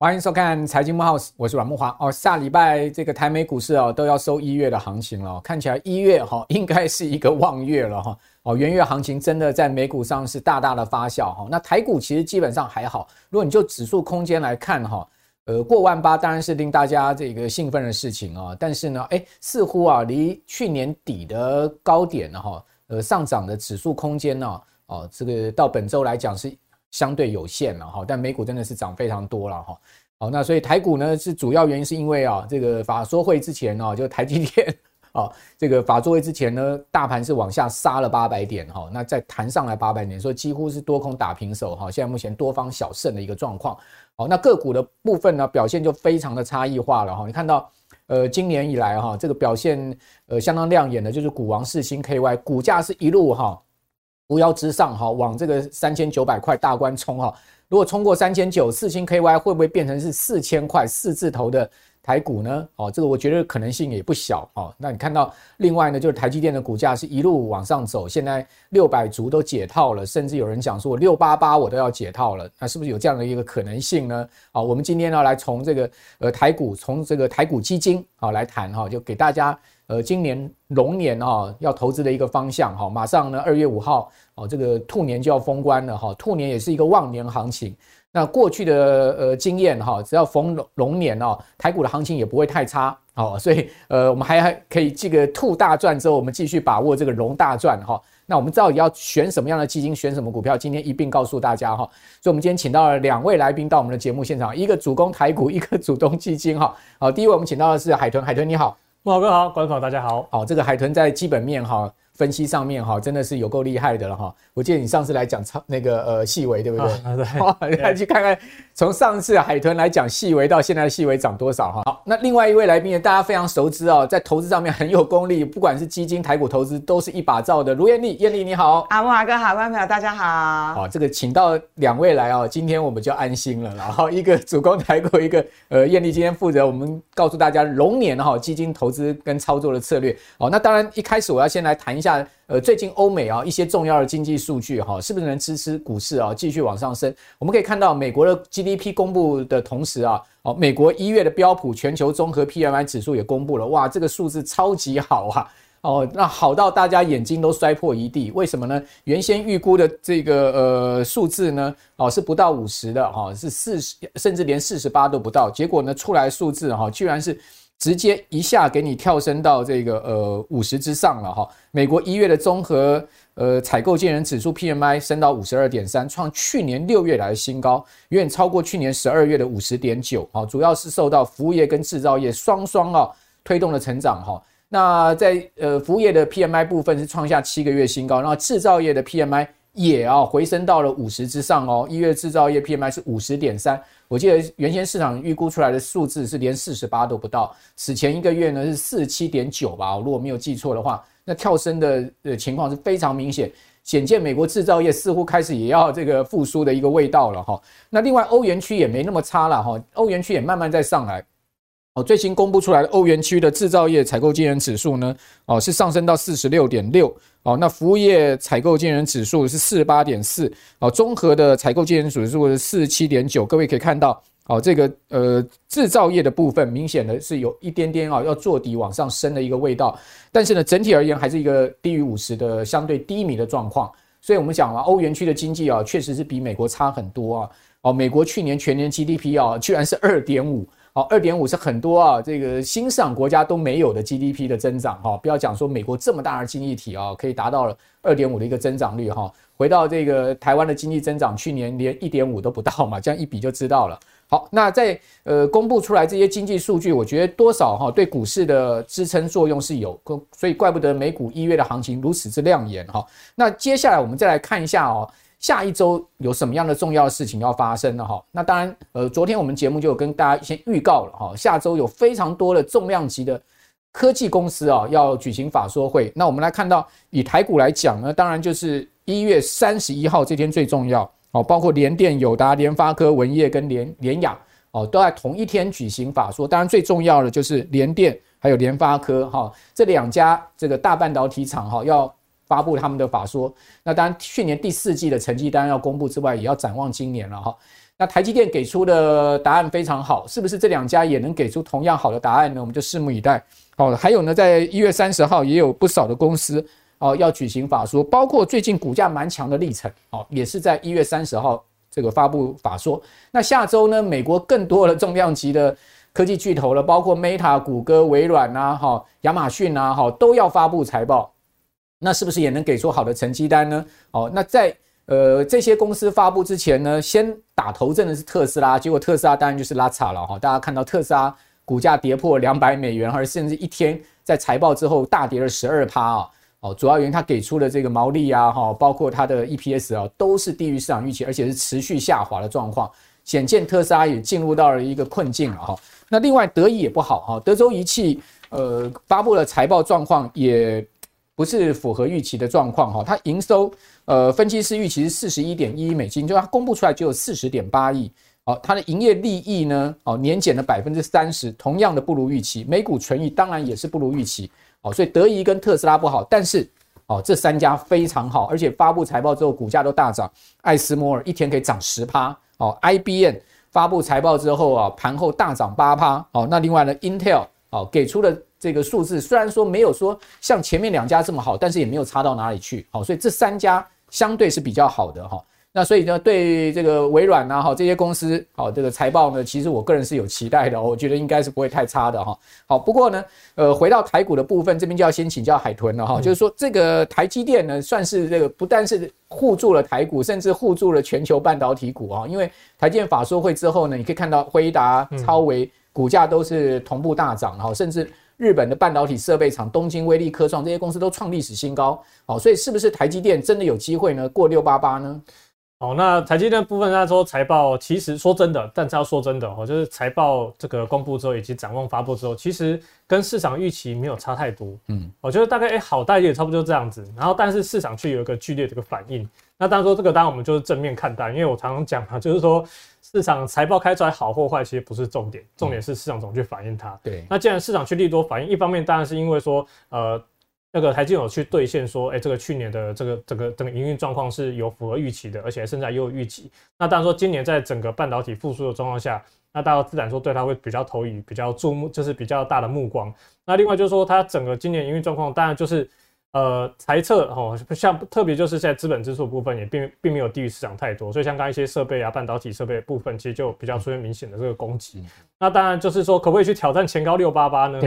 歡迎收看《財經慕 House》，我是阮慕驊哦。下禮拜這個台美股市哦都要收一月的行情了，哦，看起來一月哈，哦，應該是一個旺月了哈哦，哦，元月行情真的在美股上是大大的發酵哈，哦。那台股其實基本上還好，如果你就指數空間來看哈，哦。呃，過萬八當然是令大家這個興奮的事情啊、哦，但是呢，哎，似乎啊離去年底的高點呢、哦、哈，呃上漲的指數空間呢、哦，哦這個到本週來講是相對有限了哈、哦，但美股真的是漲非常多了哈，好、哦、那所以台股呢是主要原因是因為啊、哦、這個法說會之前呢、哦、就台積電啊、哦、這個法說會之前呢大盤是往下殺了八百點哈、哦，那再彈上來八百點，所以幾乎是多空打平手哈、哦，現在目前多方小勝的一個狀況。好，那個股的部分呢，表現就非常的差異化了哈。你看到，呃，今年以來哈，這個表現呃相當亮眼的，就是股王世芯 KY 股價是一路哈扶搖直上哈，往這個三千九百塊大關衝哈。如果衝過三千九，世芯 KY 會不會變成是四千塊四字頭的？台股呢？哦，這個我覺得可能性也不小哦。那你看到另外呢，就是台積電的股價是一路往上走，現在六百足都解套了，甚至有人講說六八八我都要解套了。那、啊、是不是有這樣的一個可能性呢？啊、哦，我們今天呢來從這個呃台股，從這個台股基金啊、哦、來談哈、哦，就給大家呃今年龍年啊、哦、要投資的一個方向哈、哦。馬上呢二月五號哦，這個兔年就要封關了哈、哦，兔年也是一個旺年行情。那過去的呃經驗哈，只要逢龍年哦，台股的行情也不會太差哦，所以呃我們還可以這個兔大賺之後，我們繼續把握這個龍大賺哈、哦。那我們到底要選什麼樣的基金，選什麼股票？今天一併告訴大家哈、哦。所以我們今天請到了兩位來賓到我們的節目現場，一個主攻台股，一個主動基金哈。好、哦，第一位我們請到的是海豚，海豚你好，慕老哥好，觀眾大家好。好、哦，這個海豚在基本面哈。哦分析上面哈，真的是有夠厲害的了哈！我記得你上次來講超，那個呃細微對不對？Oh, right. yeah. 來去看看，從上次海豚來講細微，到現在的細微漲多少哈？好，那另外一位來賓呢，大家非常熟知哦，在投資上面很有功力，不管是基金、台股投資都是一把罩的。盧燕俐、燕俐你好，阿慕驊哥好，觀眾朋友大家好。好，這個請到兩位來哦，今天我們就安心了。然後一個主攻台股，一個呃燕俐今天負責我們告訴大家龍年哈、哦、基金投資跟操作的策略。哦，那當然一開始我要先來談一下。那呃，最近歐美啊一些重要的經濟數據哈，是不是能支持股市啊繼續往上升？我們可以看到，美國的 GDP 公布的同時啊，哦，美國一月的標普全球綜合 PMI 指數也公布了，哇，這個數字超級好啊！哦，那好到大家眼睛都摔破一地。為什麼呢？原先預估的這個呃數字呢，哦是不到五十的哈，是四十，甚至連四十八都不到，結果呢出來數字哈，居然是。直接一下給你跳升到這個呃五十之上了哈。美國一月的綜合呃採購經理人指數 P M I 升到五十二點三，創去年六月來的新高，遠遠超過去年十二月的五十點九哈。主要是受到服務業跟製造業雙雙啊推動了成長哈。那在呃服務業的 P M I 部分是創下七個月新高，然後製造業的 P M I。也啊回升到了五十之上哦，一月制造業 PMI 是五十點三，我記得原先市場預估出來的數字是連四十八都不到，此前一個月呢是四十七點九吧，如果沒有記錯的話，那跳升的情況是非常明顯，顯見美國制造業似乎開始也要這個復甦的一個味道了哈，那另外歐元區也沒那麼差了哈，歐元區也慢慢在上來。最新公布出來的歐元區的製造業採購經理指數呢，哦是上升到四十六點六哦，那服務業採購經理指數是四十八點四哦，綜合的採購經理指數是四十七點九，各位可以看到哦，這個呃製造業的部分明顯的是有一點點啊、哦，要做底往上升的一個味道，但是呢，整體而言還是一個低於五十的相對低迷的狀況，所以我們講啊，歐元區的經濟啊、哦，確實是比美國差很多啊，哦，美國去年全年 GDP 啊、哦，居然是二點五。好，二點五是很多啊，這個新興國家都沒有的 GDP 的增長哈，不要講說美國這麼大的經濟體啊，可以達到了二點五的一個增長率哈，回到這個台灣的經濟增長，去年連一點五都不到嘛，這樣一比就知道了。好，那在呃公布出來這些經濟數據，我覺得多少哈對股市的支撐作用是有，所以怪不得美股一月的行情如此之亮眼，哈。那接下來我們再來看一下啊。下一周有什麼樣的重要的事情要發生了哈？那當然，呃，昨天我們節目就有跟大家先預告了哈、哦。下周有非常多的重量級的科技公司啊、哦，要舉行法說會。那我們來看到，以台股來講呢，當然就是一月三十一號這天最重要哦。包括聯電、友達、聯發科、文業跟聯聯亞哦，都在同一天舉行法說。當然最重要的就是聯電還有聯發科哈、哦，這兩家這個大半導體廠哈、哦、要。發布他們的法說，那當然去年第四季的成績單要公布之外，也要展望今年了哈。那台積電給出的答案非常好，是不是這兩家也能給出同樣好的答案呢？我們就拭目以待。哦，還有呢，在一月三十號也有不少的公司哦要舉行法說，包括最近股價蠻強的力成哦，也是在一月三十號這個發布法說。那下周呢，美國更多的重量級的科技巨頭了，包括 Meta、谷歌、微軟吶，哈，亞馬遜吶，哈，都要發布財報。那是不是也能給出好的成績單呢？哦，那在呃這些公司發布之前呢，先打頭陣的是特斯拉，結果特斯拉當然就是拉差了哈、哦。大家看到特斯拉股價跌破兩百美元，或者甚至一天在財報之後大跌了十二趴啊！哦，主要原因它給出的這個毛利啊，哈、哦，包括它的 EPS 啊、哦，都是低於市場預期，而且是持續下滑的狀況，顯見特斯拉也進入到了一個困境了哈、哦。那另外，德儀也不好哈、哦，德州儀器呃發布了財報狀況也。不是符合預期的狀況哈、哦，它營收呃分析師預期是四十一點一億美金，就它公布出來只有四十點八億。哦，它的營業利益呢，哦年減了百分之三十，同樣的不如預期。每股損益，當然也是不如預期。哦，所以德儀跟特斯拉不好，但是哦這三家非常好，而且發布財報之後股價都大漲。艾斯摩爾一天可以漲十趴、哦。哦，IBM 發布財報之後啊盤後大漲八趴。哦，那另外呢，Intel 哦給出了。這個數字雖然說沒有說像前面兩家這麼好，但是也沒有差到哪裡去，好，所以這三家相對是比較好的哈。那所以呢，對這個微軟吶哈這些公司，好這個財報呢，其實我個人是有期待的，我覺得應該是不會太差的哈。好，不過呢，呃，回到台股的部分，這邊就要先請教海豚了哈，就是說這個台積電呢，算是這個不但是護住了台股，甚至護住了全球半導體股啊，因為台積法說會之後呢，你可以看到輝達、超微股價都是同步大漲哈，甚至。日本的半導體設備廠東京威力科創這些公司都創歷史新高，好，所以是不是台積電真的有機會呢？過六八八呢？好、哦，那財經的部分，他說財報其實說真的，但是要說真的哦，就是財報這個公布之後以及展望發布之後，其實跟市場預期沒有差太多。嗯，我覺得大概誒、欸、好大也差不多就這樣子。然後，但是市場卻有一個劇烈的一個反應。那當然說這個，當然我們就是正面看待，因為我常常講就是說市場財報開出來好或壞其實不是重點，重點是市場怎麼去反應它。對、嗯，那既然市場去利多反應，一方面當然是因為說呃。那個台積有去兌現說，哎、欸，這個去年的這個這個這個營運狀況是有符合預期的，而且現在又有預期。那當然說，今年在整個半導體復甦的狀況下，那大家自然說對它會比較投以比較注目，就是比較大的目光。那另外就是說，它整個今年營運狀況，當然就是呃財測哈，像特別就是在資本支出部分也並並沒有低於市場太多，所以像剛一些設備啊，半導體設備部分其實就比較出現明顯的這個攻擊。那當然就是說，可不可以去挑戰前高六八八呢？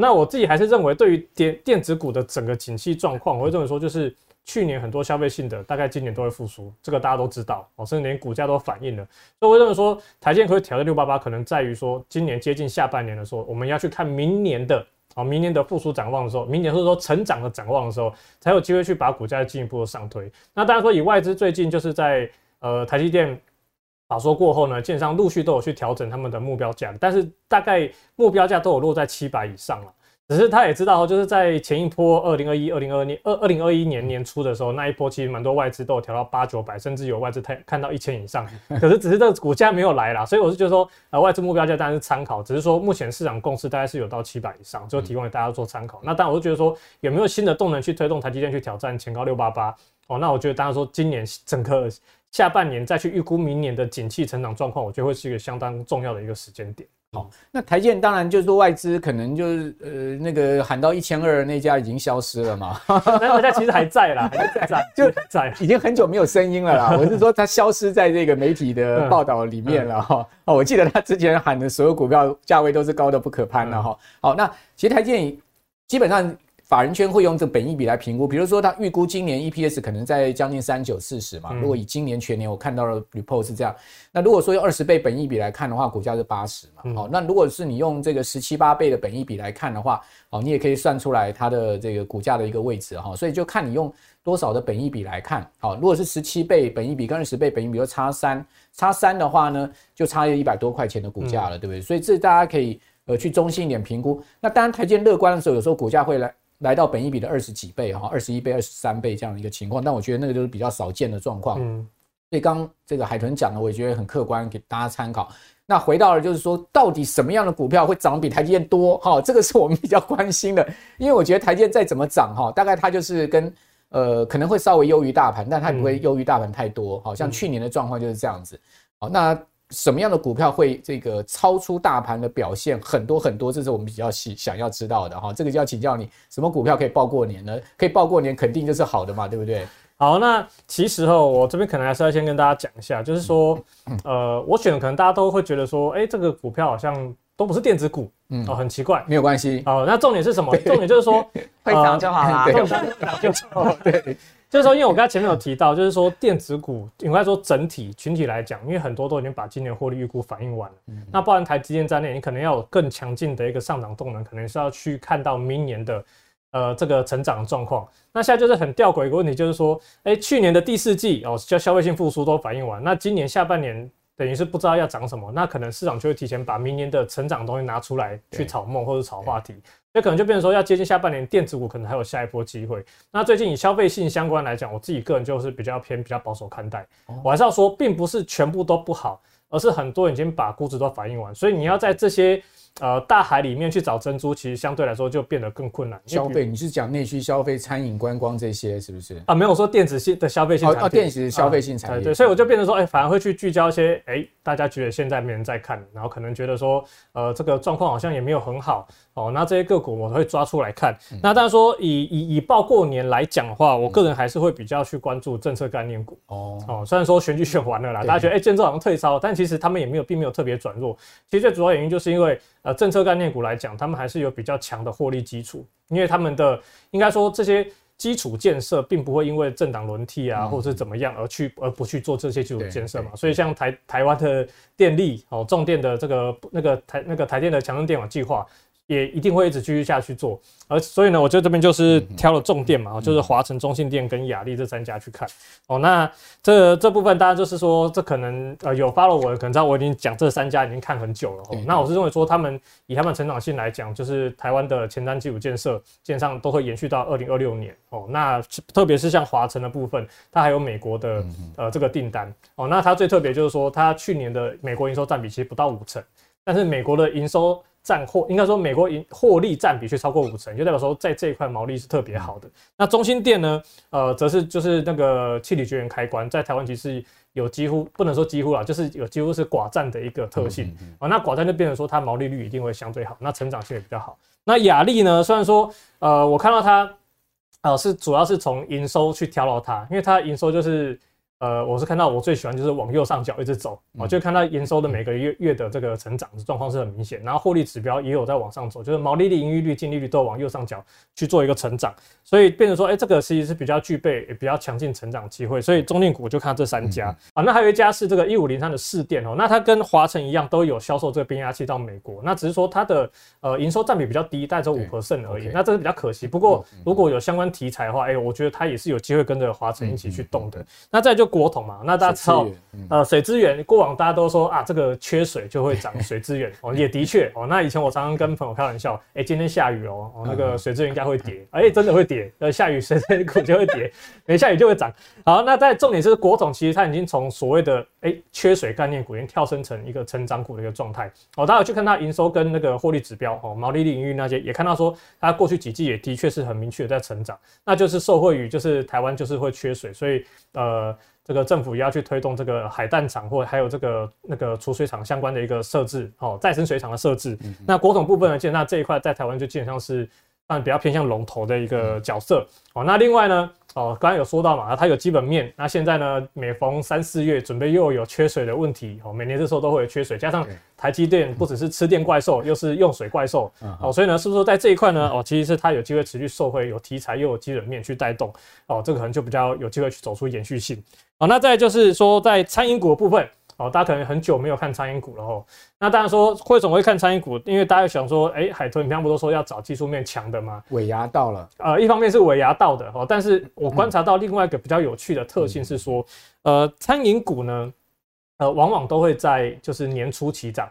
那我自己還是認為，對於電電子股的整個景氣狀況，我會這麼說，就是去年很多消費性的，大概今年都會復甦，這個大家都知道，哦，甚至連股價都反映了。所以我這麼說，台積電可以調到六八八，可能在於說，今年接近下半年的時候，我們要去看明年的，啊，明年的復甦展望的時候，明年是說成長的展望的時候，才有機會去把股價進一步的上推。那當然說，以外資最近就是在呃，台積電。法說過後呢，券商陸續都有去調整他們的目標價，但是大概目標價都有落在七百以上了。只是他也知道，就是在前一波二零二一、二零二二、二二零二一年年初的時候，那一波其實蠻多外資都有調到八九百，甚至有外資看看到一千以上。可是只是這個股價沒有來啦，所以我是覺得說，呃，外資目標價當然是參考，只是說目前市場共識大概是有到七百以上，就提供給大家做參考。嗯。那當然，我就覺得說，有沒有新的動能去推動台積電去挑戰前高六八八？哦，那我覺得當然說今年整個。下半年再去預估明年的景氣成長狀況，我覺得會是一個相當重要的一個時間點。好、嗯，那台建當然就是說外資可能就是呃那個喊到一千二那家已經消失了嘛？ 那家其實還在啦， 還在在就在已經很久沒有聲音了啦。 我是說它消失在這個媒體的報道裡面了哈、 嗯嗯。哦，我記得他之前喊的所有股票價位都是高的不可攀的哈、嗯哦。好，那其實台建基本上。法人圈會用這個本益比來評估，比如說他預估今年 EPS 可能在將近三九四十嘛，如果以今年全年我看到的 report 是這樣，那如果說用二十倍本益比來看的話，股價是八十嘛，好、哦，那如果是你用這個十七八倍的本益比來看的話，好、哦，你也可以算出來它的這個股價的一個位置哈、哦，所以就看你用多少的本益比來看，好、哦，如果是十七倍本益比跟二十倍本益比，就差三差三的話呢，就差一百多塊錢的股價了、嗯，對不對？所以這大家可以呃去中性一點評估，那當然台積樂觀的時候，有時候股價會來。來到本益比的二十幾倍哈，二十一倍、二十三倍這樣的一個情況，但我覺得那個就是比較少見的狀況。嗯，所以剛剛這個海豚講的，我也覺得很客觀，給大家參考。那回到了就是說，到底什麼樣的股票會漲比台積電多哈？這個是我們比較關心的，因為我覺得台積電再怎麼漲哈，大概它就是跟呃可能會稍微優於大盤，但它不會優於大盤太多。好、嗯、像去年的狀況就是這樣子。好，那。什麼樣的股票會這個超出大盤的表現很多很多？這是我們比較喜想要知道的哈、哦。這個就要請教你，什麼股票可以報過年呢？可以報過年，肯定就是好的嘛，對不對？好，那其實哦，我這邊可能還是要先跟大家講一下，就是說，呃，我選的可能大家都會覺得說，哎、欸，這個股票好像都不是電子股，嗯，哦，很奇怪，嗯、沒有關係。哦、呃，那重點是什麼？重點就是說，呃、會漲就好了、啊，漲就好， 對。就是說，因為我剛才前面有提到，就是說電子股， 應該說整體群體來講，因為很多都已經把今年獲利預估反映完了，嗯、那包含台積電在內，你可能要有更強勁的一個上漲動能，可能是要去看到明年的呃這個成長狀況。那現在就是很吊詭一個問題，就是說，哎、欸，去年的第四季哦叫消費性復甦都反映完，那今年下半年。等於是不知道要漲什麼，那可能市場就會提前把明年的成長的東西拿出來去炒夢或者炒話題，所以可能就變成說要接近下半年，電子股可能還有下一波機會。那最近以消費性相關來講，我自己個人就是比較偏比較保守看待，嗯，我還是要說，並不是全部都不好，而是很多人已經把估值都反映完，所以你要在這些。呃，大海裡面去找珍珠，其實相對來說就變得更困難。消費，你是講內需消費、餐飲、觀光這些，是不是？啊，沒有說電子性的消費性產品、哦。啊，電子消費性產品、啊。對，對，對，所以我就變成說，哎、欸，反而會去聚焦一些、欸，大家覺得現在沒人在看，然後可能覺得說，呃，這個狀況好像也沒有很好哦。那、喔、這些個股我會抓出來看。嗯、那當然說以，以以以報過年來講的話、嗯，我個人還是會比較去關注政策概念股。哦哦、喔，雖然說選舉選完了啦，大家覺得哎、欸，建築好像退潮，但其實他們也沒有，並沒有特別轉弱。其實最主要原因就是因為。呃，政策概念股來講，他們還是有比較強的獲利基礎，因為他們的應該說這些基礎建設，並不會因為政黨輪替啊，嗯、或者是怎麼樣而去而不去做這些基礎建設嘛。所以像台台灣的電力哦，重電的這個那個台那個台電的強韌電網計劃也一定會一直繼續下去做，而所以呢，我覺得這邊就是挑了重點嘛、嗯，就是華城、中興電跟亞力這三家去看、嗯、哦。那這這部分當然就是說，這可能呃有 follow 我的，可能知道我已經講這三家已經看很久了。哦嗯、那我是認為說，他們以他們成長性來講，就是台灣的前瞻基礎建設基本上都會延續到二零二六年哦。那特別是像華城的部分，它還有美國的呃這個訂單哦、嗯、哦。那它最特別就是說，它去年的美國營收占比其實不到五成，但是美國的營收。佔獲應該說美國營獲利佔比卻超過五成，就代表說在這一塊毛利是特別好的。那中興電呢？呃，則是就是那個氣體絕緣開關，在台灣其實有幾乎，不能說幾乎啦，就是有幾乎是寡占的一個特性啊、呃。那寡占就變成說，它毛利率一定會相對好，那成長性也比較好。那亞力呢？雖然說呃，我看到它啊、呃、是主要是從營收去挑到它，因為它營收就是。呃，我是看到我最喜歡就是往右上角一直走我、嗯啊、就看到營收的每個月、嗯、月的這個成長的狀況是很明顯，然後獲利指標也有在往上走，就是毛利率、盈餘率、淨利率都往右上角去做一個成長，所以變成說，哎、欸，這個其實是比較具備也比較強勁成長機會，所以中線股就看這三家、嗯、啊。那還有一家是這個一五零三的士電哦，那它跟華城一樣都有銷售這個變壓器到美國，那只是說它的呃營收佔比比較低，帶走五和盛而已。Okay, 那這是比較可惜，不過如果有相關題材的話，哎、嗯嗯欸，我覺得它也是有機會跟着華城一起去動的。嗯、那再就。國統嘛，那大家知道，嗯、呃，水資源過往大家都說啊，這個缺水就會漲水資源 哦，也的確哦。那以前我常常跟朋友開玩笑，哎、欸，今天下雨哦，哦，那個水資源應該會跌，哎、嗯欸，真的會跌。呃，下雨水資源就會跌， 沒下雨就會漲。好，那在重點是國統，其實它已經從所謂的、欸、缺水概念股，已經跳升成一個成長股的一個狀態、哦。大家有去看它營收跟那個獲利指標，哦，毛利率、營運那些，也看到說它過去幾季也的確是很明確的在成長。那就是受惠於就是台灣就是會缺水，所以呃這個政府也要去推動這個海淡廠或還有這個那個儲水廠相關的一個設置，哦，再生水廠的設置、嗯。那國統部分呢，的，那這一塊在台灣就基本上是當然比較偏向龍頭的一個角色、嗯。哦，那另外呢？哦，剛才有說到嘛，它有基本面，那現在呢，每逢三四月準備又有缺水的問題，哦，每年這時候都會有缺水，加上台積電不只是吃電怪獸，又是用水怪獸，哦，所以呢，是不是說在這一塊呢，哦，其實是它有機會持續受惠，有題材又有基本面去帶動，哦，這個可能就比較有機會去走出延續性。哦，那再來就是說，在餐飲股的部分。哦，大家可能很久沒有看餐飲股了哦，那當然說，為什麼會看餐飲股？因為大家想說，哎、欸，海豚，你平常不都說要找技術面強的嗎？尾牙到了，呃，一方面是尾牙到的哦，但是我觀察到另外一個比較有趣的特性是說，嗯、呃，餐飲股呢，呃，往往都會在就是年初起漲。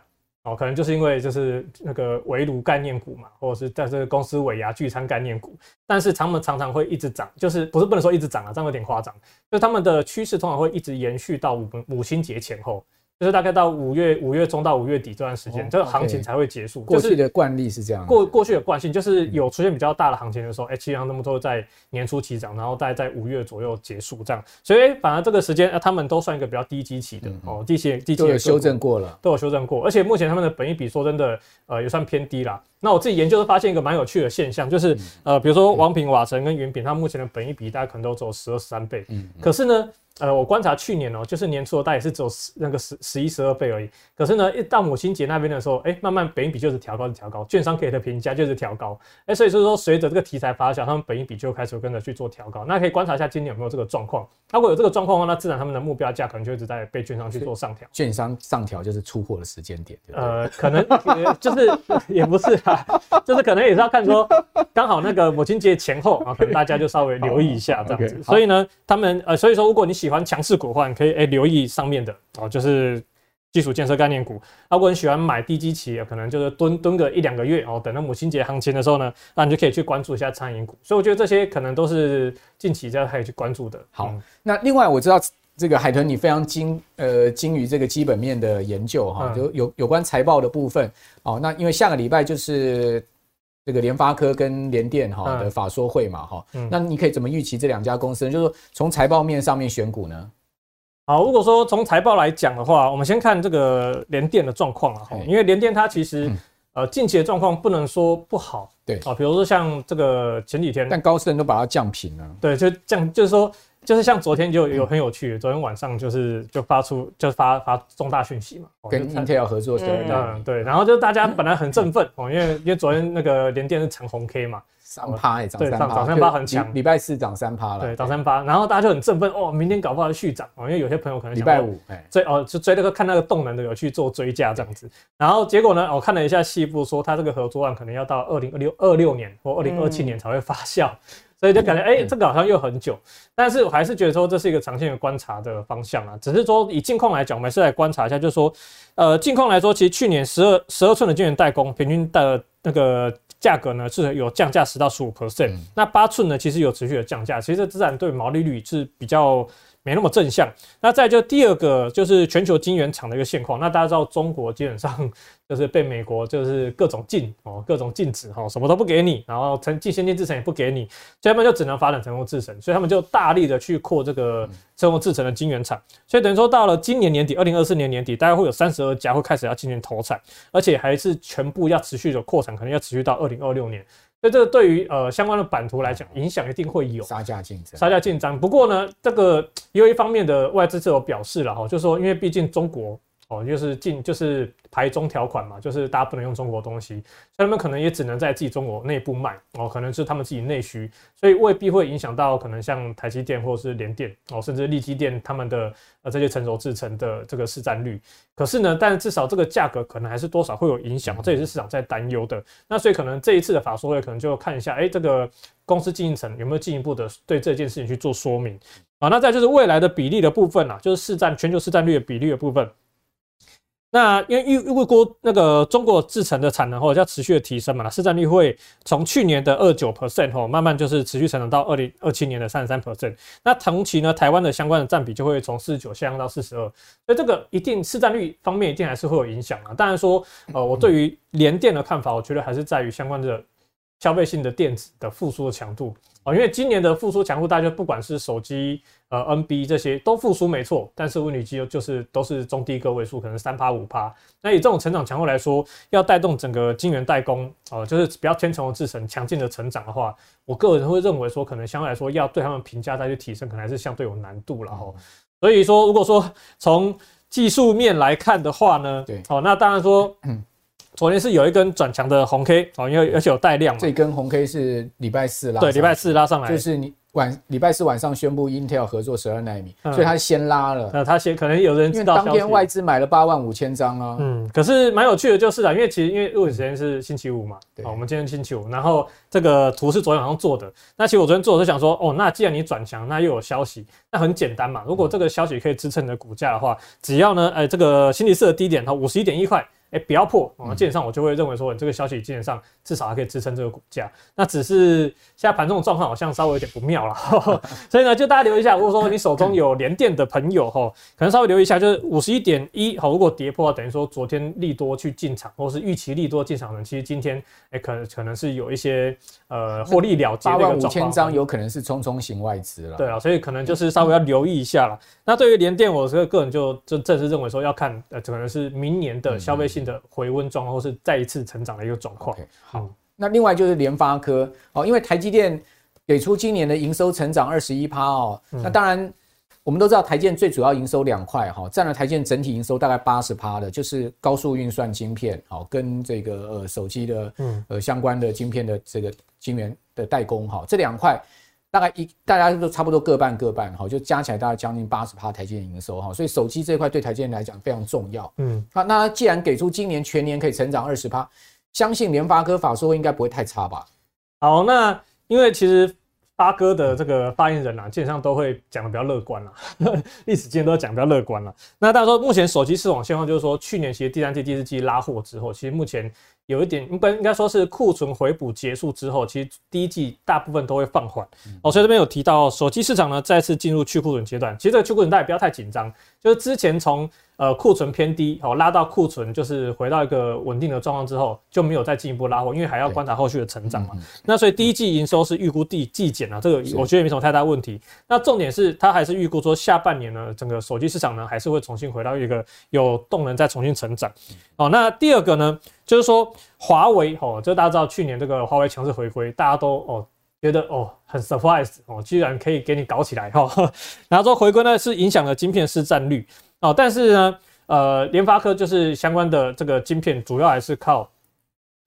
哦，可能就是因為就是那個圍爐概念股嘛，或者是在這個公司尾牙聚餐概念股，但是他們常常會一直漲，就是不是不能說一直漲啊，這樣有點誇張，就他們的趨勢通常會一直延續到母母親節前後。就是大概到五月五月中到五月底這段時間，哦 okay，這個行情才會結束。過去的慣例是這樣，過過去的慣性就是有出現比較大的行情的時候，哎、嗯，基本上他們都在年初起漲，然後大概在五月左右結束這樣。所以反而這個時間，呃、他們都算一個比較低基期的哦，低期低期有修正過了，都有修正過，而且目前他們的本益比說真的，呃，也算偏低啦。那我自己研究是發現一個蠻有趣的現象，就是、嗯、呃，比如說王品、瓦城跟雲品，它、嗯、目前的本益比，大家可能都走十二、十三倍。嗯，嗯。可是呢，呃，我觀察去年哦、喔，就是年初，大概也是走那個十、十一、十二倍而已。可是呢，一到母親節那邊的時候，哎、欸，慢慢本益比就是調高，調高。券商給的評價就是調高。哎、欸，所以就是說，隨着這個題材發酵，他們本益比就會開始會跟着去做調高。那可以觀察一下今年有沒有這個狀況。如果有這個狀況的話，那自然他們的目標價可能就一直在被券商去做上調。券商上調就是出貨的時間點對不對？呃，可能、呃、就是也不是。 就是可能也是要看說，剛好那個母親節前後啊、 哦，可能大家就稍微留意一下這樣子。Okay, 所以呢，他們呃，所以說如果你喜歡強勢股的話，你可以誒、欸、留意上面的哦，就是基礎建設概念股，啊，如果你喜歡買低基企業，可能就是蹲蹲個一兩個月哦，等到母親節行情的時候呢，那你就可以去關注一下餐飲股。所以我覺得這些可能都是近期在家可以去關注的。好，嗯、那另外我知道。這個海豚，你非常精呃，精於這個基本面的研究哈，就有有關財報的部分哦。那因為下個禮拜就是這個聯發科跟聯電哈的法說會嘛哈，那你可以怎麼預期這兩家公司，就是從財報面上面選股呢、嗯？好，如果說從財報來講的話，我們先看這個聯電的狀況哈，因為聯電它其實呃近期的狀況不能說不好，對啊，比如說像這個前幾天，但高盛都把它降評了，對，就降就是說。就是像昨天就有很有趣、嗯，昨天晚上就是就發出就發發重大訊息嘛，跟 Intel 要合作對，嗯，對，然後就大家本來很振奮哦、嗯，因為、嗯、因為昨天那個聯電是長紅 K 嘛，三趴哎、欸，對，上早三漲三趴很強，禮拜四漲三趴了，對，漲三趴，然後大家就很振奮哦、喔，明天搞不好續漲哦，因為有些朋友可能禮拜五追哦、喔，就追那個看那個動能的有去做追加這樣子、嗯，然後結果呢，我、喔、看了一下細部說他這個合作案可能要到二零二六二六年或二零二七年才會發酵。嗯所以就感覺哎、欸,這個好像又很久，但是我還是覺得說這是一個長線的觀察的方向啊，只是說以近況來講，我們是來觀察一下，就是說，呃，近況來說，其實去年十二十二寸的晶圓代工平均的那個價格呢是有降價十到十五%。那八寸呢，其實有持續的降價。其實這自然對毛利率是比較。沒那麼正向，那再就第二個就是全球晶圓廠的一個現況。那大家知道，中國基本上就是被美國就是各種禁哦，各種禁止哈，什麼都不給你，然後成進先進製程也不給你，所以他們就只能發展成熟製程，所以他們就大力的去擴這個成熟製程的晶圓廠。所以等於說到了今年年底，二零二四年年底，大概會有三十二家會開始要進行投產，而且還是全部要持續的擴產，可能要持續到二零二六年。所以這個對於呃相關的版圖來講，影響一定會有殺價競爭，殺價競爭。不過呢，這個有一方面的外資就有表示了哈，就是說因為畢竟中國。哦，就是進就是排中條款嘛，就是大家不能用中國東西，所以他們可能也只能在自己中國內部賣哦，可能是他們自己內需，所以未必會影響到可能像台積電或者是聯電哦，甚至力積電他們的呃這些成熟製程的這個市占率。可是呢，但至少這個價格可能還是多少會有影響，嗯，這也是市場在擔憂的。那所以可能這一次的法說會可能就看一下，哎、欸，這個公司經營層有沒有進一步的對這件事情去做說明啊、哦？那再就是未來的比例的部分啊，就是市占全球市占率的比例的部分。那因為因預估那個中國製程的產能吼、喔、要持續的提升嘛，市占率會從去年的二九 percent 吼慢慢就是持續成長到二零二七年的三十三 percent。那同期呢，台灣的相關的占比就會從四十九下降到四十二。所以這個一定市占率方面一定還是會有影響啊。當然說，呃，我對於聯電的看法，我覺得還是在於相關的消費性的電子的復甦的強度啊、呃，因為今年的復甦強度，大家不管是手機。呃，N B 這些都復甦沒錯，但是微鋁機就是都是中低個位數，可能三趴五趴。那以這種成長強度來說，要帶動整個晶圓代工，哦、呃，就是比較千成的製程強勁的成長的話，我個人會認為說，可能相對來說要對他們評價再去提升，可能還是相對有難度了哈、嗯。所以說，如果說從技術面來看的話呢，對，哦，那當然說，嗯，昨天是有一根轉強的紅 K 哦，因為而且有帶量嘛，這根紅 K 是禮拜四拉，對，禮拜四拉上來，就是你。晚禮拜四晚上宣布 Intel 合作十二納米，所以他先拉了、嗯。那、嗯、他先可能有人知道因為當天外資買了八萬五千張啊。嗯，可是蠻有趣的，就是啊，因為其實因為錄影時間是星期五嘛，啊，我們今天星期五，然後這個圖是昨天晚上做的。那其實我昨天做我就想說，哦，那既然你轉強，那又有消息，那很簡單嘛。如果這個消息可以支撐你的股價的話，只要呢，哎，這個星期四的低點它五十一點一塊。不、欸、要破，我基本上我就會認為說，這個消息基本上至少還可以支撐這個股價、嗯。那只是現在盤中的狀況好像稍微有點不妙了，呵呵 所以呢，就大家留意一下。如果說你手中有連電的朋友哈、喔，可能稍微留意一下，就是五十一點一哈，如果跌破，啊、等於說昨天利多去進場，或是預期利多進場呢，其實今天哎、欸，可能可能是有一些。呃，獲利了結這八萬五千張有可能是沖沖型外資了。對啊，所以可能就是稍微要留意一下了、嗯嗯。那對於聯電，我是個人就正式認為說要看，呃，可能是明年的消費性的回溫狀況，或是再一次成長的一個狀況。Okay, 好、嗯，那另外就是聯發科好、哦，因為台積電給出今年的營收成長二十一趴哦、嗯，那當然我們都知道台積電最主要營收兩塊哈，占了台積電整體營收大概八十趴的，就是高速運算晶片好、哦，跟這個呃手機的嗯呃相關的晶片的這個。嗯晶圓的代工哈，這兩塊大概一大家都差不多各半各半哈，就加起來大概將近八十趴台積電營,營收哈，所以手機這塊對台積電來講非常重要。嗯，那那既然給出今年全年可以成長二十趴，相信聯發科法說應該不會太差吧？好，那因為其實。八哥的這個發言人啊，基本上都會講的比較樂觀了，歷史今天都講得比較樂觀了。 那大家說，目前手機市場現況就是說，去年其實第三季、第四季拉貨之後，其實目前有一點，應該應該說是庫存回補結束之後，其實第一季大部分都會放緩。嗯，哦，所以這邊有提到手機市場呢，再次進入去庫存階段，其實這個去庫存大家也不要太緊張，就是之前從。呃，庫存偏低，哦，拉到庫存就是回到一個穩定的狀況之後，就沒有再進一步拉貨，因為還要觀察後續的成長嘛。那所以第一季營收是預估遞季減啊，這個我覺得也沒什麼太大問題。那重點是它還是預估說下半年呢，整個手機市場呢還是會重新回到一個有動能再重新成長。嗯、哦，那第二個呢，就是說華為，哦，就大家知道去年這個華為強勢回歸，大家都哦覺得哦很 surprise 哦，居然可以給你搞起來哈。然後說回歸呢是影響了晶片市占率。哦，但是呢，呃，聯發科就是相關的這個晶片，主要還是靠。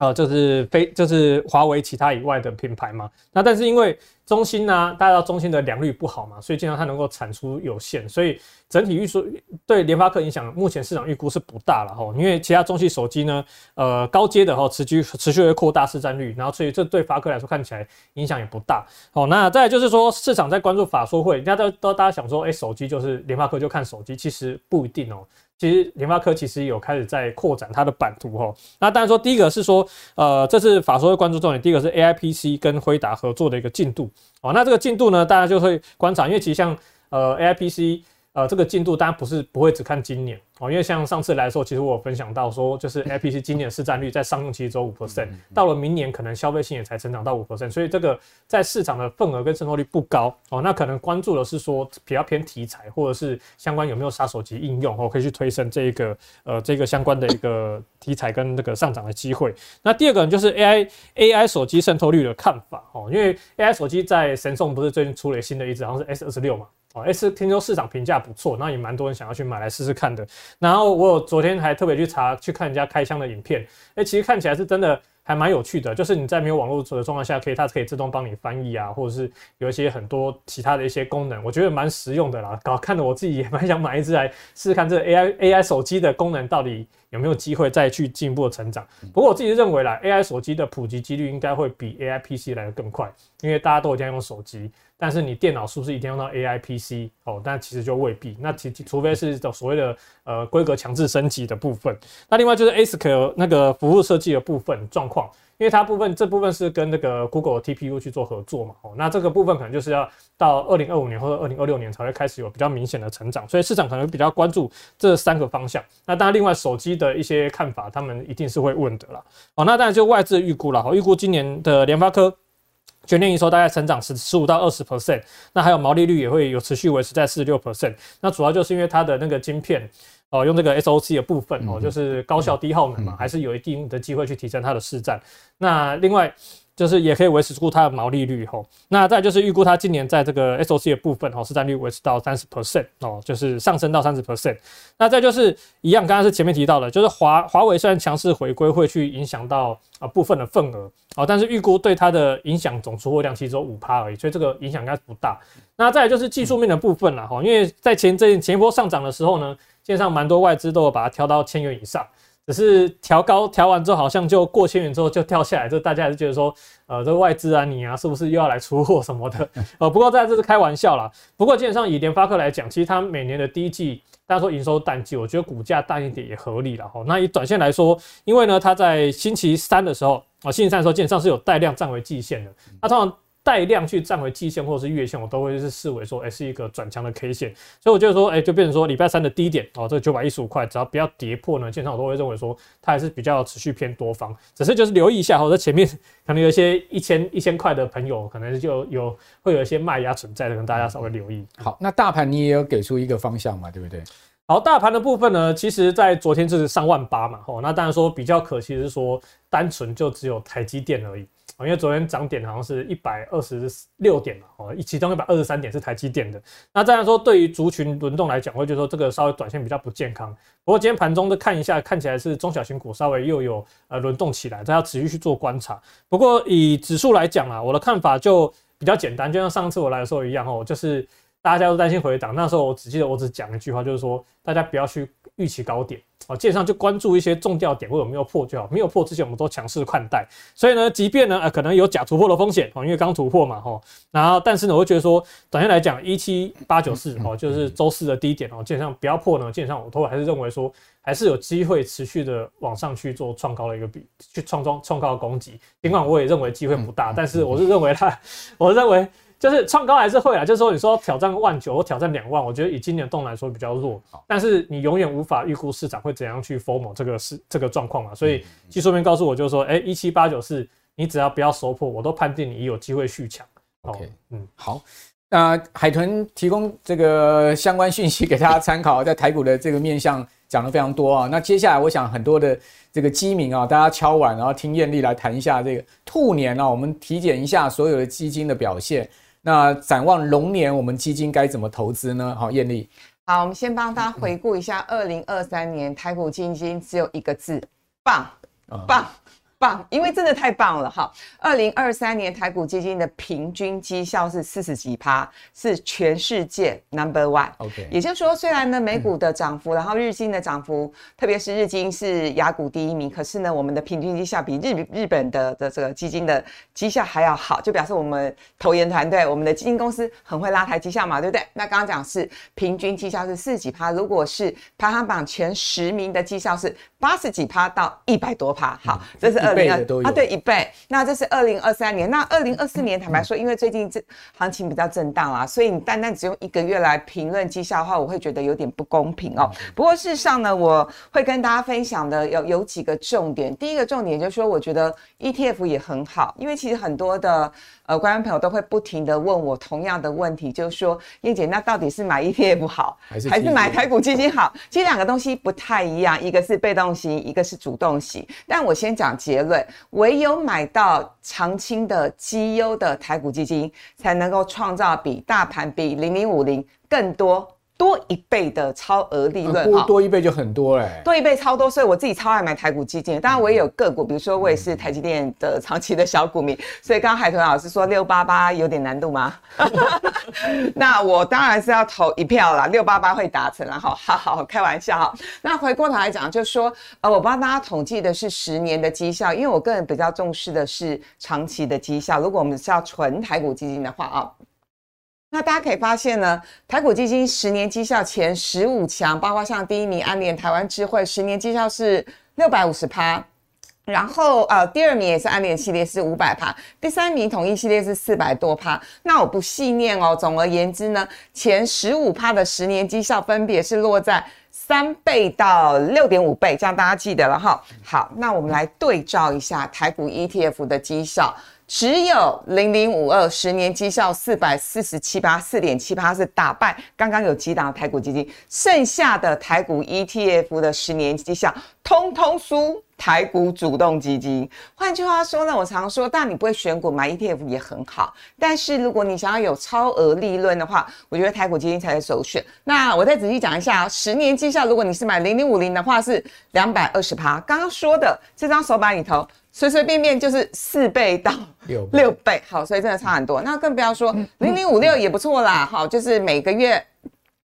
呃，就是非就是華為其他以外的品牌嘛，那但是因為中芯呢、啊，大家知道中芯的良率不好嘛，所以經常它能夠產出有限，所以整體預估對聯發科影響目前市場預估是不大了哈，因為其他中系手機呢，呃高階的哈持續持續會擴大市占率，然後所以這對發科來說看起來影響也不大。哦，那再來就是說市場在關注法說會，大家都都大家想說，哎、欸，手機就是聯發科就看手機，其實不一定哦、喔。其實聯發科其實有開始在擴展它的版圖哦，那當然說第一個是說，呃，這次法說會關注重點，第一個是 AIPC 跟輝達合作的一個進度，哦，那這個進度呢，大家就會觀察，因為其實像呃 AIPC。呃，這個進度大家不是不會只看今年哦，因為像上次來的時候，其實我分享到說，就是 A P C 今年市佔率在商用期只有五 percent， 到了明年可能消費性也才成長到五 percent，所以這個在市場的份額跟滲透率不高哦。那可能關注的是說，比較偏題材或者是相關有沒有殺手級應用哦，可以去推升這一個呃這個相關的一個題材跟那個上漲的機會。那第二個呢就是 A I A I 手機滲透率的看法哦，因為 A I 手機在 Samsung 不是最近出了新的一支，好像是 S 二十六嘛。哦，哎、欸，是聽說市場評價不錯，那也蠻多人想要去買來試試看的。然後我有昨天還特別去查去看人家開箱的影片，哎、欸，其實看起來是真的還蠻有趣的，就是你在沒有網絡的狀況下，可以它可以自動幫你翻譯啊，或者是有一些很多其他的一些功能，我覺得蠻實用的啦。搞看的我自己也蠻想買一支來試試看這 A I A I 手機的功能到底。有沒有機會再去進一步的成長？不過我自己認為啦，AI 手機的普及幾率應該會比 AI PC 來得更快，因為大家都已經用手機，但是你電腦是不是一定要用到 AI PC？哦，但其實就未必，那其除非是所謂的呃規格強制升級的部分。那另外就是 ASIC 那個服務設計的部分狀況。狀況因為它部分這部分是跟那個 Google TPU 去做合作嘛，哦，那這個部分可能就是要到二零二五年或者二零二六年才會開始有比較明顯的成長，所以市場可能會比較關注這三個方向。那當然另外手機的一些看法，他們一定是會問的啦。好，哦，那當然就外資預估了，哈，預估今年的聯發科全年營收大概成長十十五到二十 percent，那還有毛利率也會有持續維持在四十六 percent，那主要就是因為它的那個晶片。哦，用這個 SOC 的部分哦，嗯、就是高效低耗能嘛、嗯，還是有一定的機會去提升它的市占、嗯。那另外就是也可以維持住它的毛利率、哦、那再就是預估它今年在這個 SOC 的部分、哦、市占率維持到三十 percent 哦，就是上升到三十 percent。那再就是一樣，剛剛是前面提到的，就是華華為雖然強勢回歸，會去影響到啊部分的份額哦，但是預估對它的影響總出貨量其實只有五趴而已，所以這個影響應該不大。那再來就是技術面的部分了哈、嗯，因為在前陣前一波上漲的時候呢。線上蠻多外資都有把它調到千元以上，只是調高調完之後，好像就過千元之後就跳下來，就大家還是覺得說，呃，這個外資啊你啊是不是又要來出貨什麼的？呃，不過在這是開玩笑啦。不過線上以聯發科來講，其實它每年的第一季，大家說營收淡季，我覺得股價淡一點也合理啦齁。那以短線來說，因為呢，它在星期三的時候，啊、哦、星期三的時候線上是有帶量占為季線的，那通常。帶量去站回季線，或者是月線，我都會是視為說，哎、欸，是一個轉強的 K 線，所以我就是說，哎、欸，就變成說，禮拜三的低點哦、喔，這九百一十五塊，只要不要跌破呢，經常我都會認為說，它還是比較持續偏多方，只是就是留意一下哦、喔，在前面可能有一些一千一千塊的朋友，可能就有會有一些賣壓存在的，跟大家稍微留意。嗯、好，那大盤你也有給出一個方向嘛，對不對？好，大盤的部分呢，其實在昨天就是上萬八嘛，哦、喔，那當然說比較可惜是說，單純就只有台積電而已。因為昨天漲點好像是一百二十六點嘛，哦，其中一百二十三點是台積電的。那這樣說，對於族群輪動來講，我覺得說這個稍微短線比較不健康。不過今天盤中的看一下，看起來是中小型股稍微又有呃輪動起來，但要持續去做觀察。不過以指數來講啊，我的看法就比較簡單，就像上次我來的時候一樣，哦，就是。大家都擔心回檔，那時候我只記得我只講一句話，就是說大家不要去預期高點哦，基本上就關注一些重要點位有沒有破就好，沒有破之前我們都強勢看待，所以呢，即便呢、呃、可能有假突破的風險哦，因為剛突破嘛吼、哦、然後但是呢，我覺得說短線來講一七八九四哦，就是周四的低點哦，基本上不要破呢，基本上我都還是認為說還是有機會持續的往上去做創高的一個比，去創創創高攻擊，儘管我也認為機會不大、嗯，但是我是認為它、嗯，我認為。就是創高還是會啊，就是說你說挑戰萬九，我挑戰兩萬，我覺得以今年動能來說比較弱，但是你永遠無法預估市場會怎樣去 FOMO 這個是這個狀況嘛，所以技術面告訴我就是說，哎、欸，一七八九四，你只要不要收破，我都判定你有機會去搶 OK，嗯，好，那海豚提供這個相關訊息給大家參考， 在台股的這個面向講的非常多啊、哦，那接下來我想很多的這個基民啊，大家敲碗然後聽燕俐來談一下這個兔年啊、哦，我們體檢一下所有的基金的表現。那展望龍年，我們基金該怎麼投資呢？好，燕俐，好，我們先幫大家回顧一下二零二三年台股基金，金只有一個字，棒，嗯、棒。棒，因為真的太棒了哈！二零二三年台股基金的平均績效是四十幾趴，是全世界 number one。Okay. 也就是說，雖然呢美股的漲幅，然後日經的漲幅，嗯、特別是日經是亞股第一名，可是呢我們的平均績效比日日本的的這個基金的績效還要好，就表示我們投研團隊、我們的基金公司很會拉抬績效嘛，對不對？那剛剛講是平均績效是四十幾趴，如果是排行榜前十名的績效是。八十幾趴到一百多趴，好，嗯、這是二零二，一倍的都有啊，對，一倍。那這是二零二三年，那二零二四年、嗯，坦白說，因為最近這行情比較震盪啦、嗯，所以你單單只用一個月來評論績效的話，我會覺得有點不公平哦、喔嗯。不過事實上呢，我會跟大家分享的有有幾個重點。第一個重點就是說，我覺得 ETF 也很好，因為其實很多的。呃，觀眾朋友都會不停的問我同樣的問題，就是說燕姐，那到底是買 ETF 好還，還是買台股基金好？其實兩個東西不太一樣，一個是被動型，一個是主動型。但我先講結論，唯有買到長青的績優的台股基金，才能夠創造比大盤、比零零五零更多。多一倍的超額利潤，多一倍就很多哎、欸哦，多一倍超多，所以我自己超愛買台股基金。當然我也有個股，比如說我也是台積電的長期的小股民。所以剛剛海豚老師說六八八有點難度嗎？ 那我當然是要投一票了，六八八會達成然後，好好好，開玩笑。那回過頭來講，就說呃，我幫大家統計的是十年的績效，因為我個人比較重視的是長期的績效。如果我們是要純台股基金的話啊。哦那大家可以發現呢，台股基金十年績效前十五強，包括像第一名安聯台灣智慧十年績效是六百五十趴，然後呃第二名也是安聯系列是五百趴，第三名統一系列是四百多趴。那我不細念哦，總而言之呢，前十五趴的十年績效分別是落在三倍到六點五倍，這樣大家記得了哈。好，那我們來對照一下台股 ETF 的績效。只有零零五二十年績效四百四十七八四點七八是打敗剛剛有幾檔的台股基金，剩下的台股 ETF 的十年績效通通輸台股主動基金。換句話說呢，我常說，當然你不會選股買 ETF 也很好，但是如果你想要有超額利潤的話，我覺得台股基金才是首選。那我再仔細講一下，十年績效，如果你是買零零五零的話，是兩百二十趴。剛剛說的這張手板裡頭。隨隨便便就是四倍到六倍，好，所以真的差很多。那更不要說0056也不錯啦，好，就是每個月。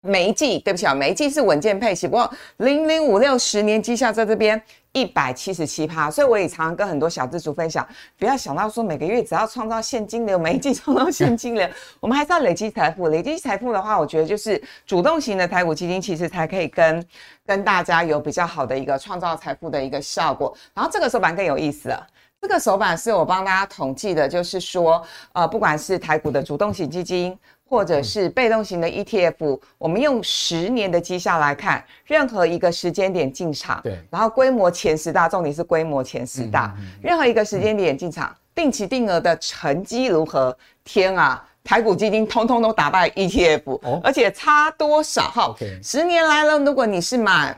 每一季，對不起啊，每一季是穩健配息，不過零零五六十年績效在這邊一百七十七趴，所以我也常常跟很多小資族分享，不要想到說每個月只要創造現金流，每一季創造現金流，我們還是要累積財富。累積財富的話，我覺得就是主動型的台股基金，其實才可以跟跟大家有比較好的一個創造財富的一個效果。然後這個手板更有意思了，這個手板是我幫大家統計的，就是說，呃，不管是台股的主動型基金。或者是被動型的 ETF、嗯、我們用十年的績效來看，任何一個時間點進場，然後規模前十大，重點是規模前十大、嗯嗯嗯，任何一個時間點進場、嗯，定期定額的成績如何？天啊，台股基金通通都打敗 ETF、哦、而且差多少？好、哦，okay. 十年來了，如果你是買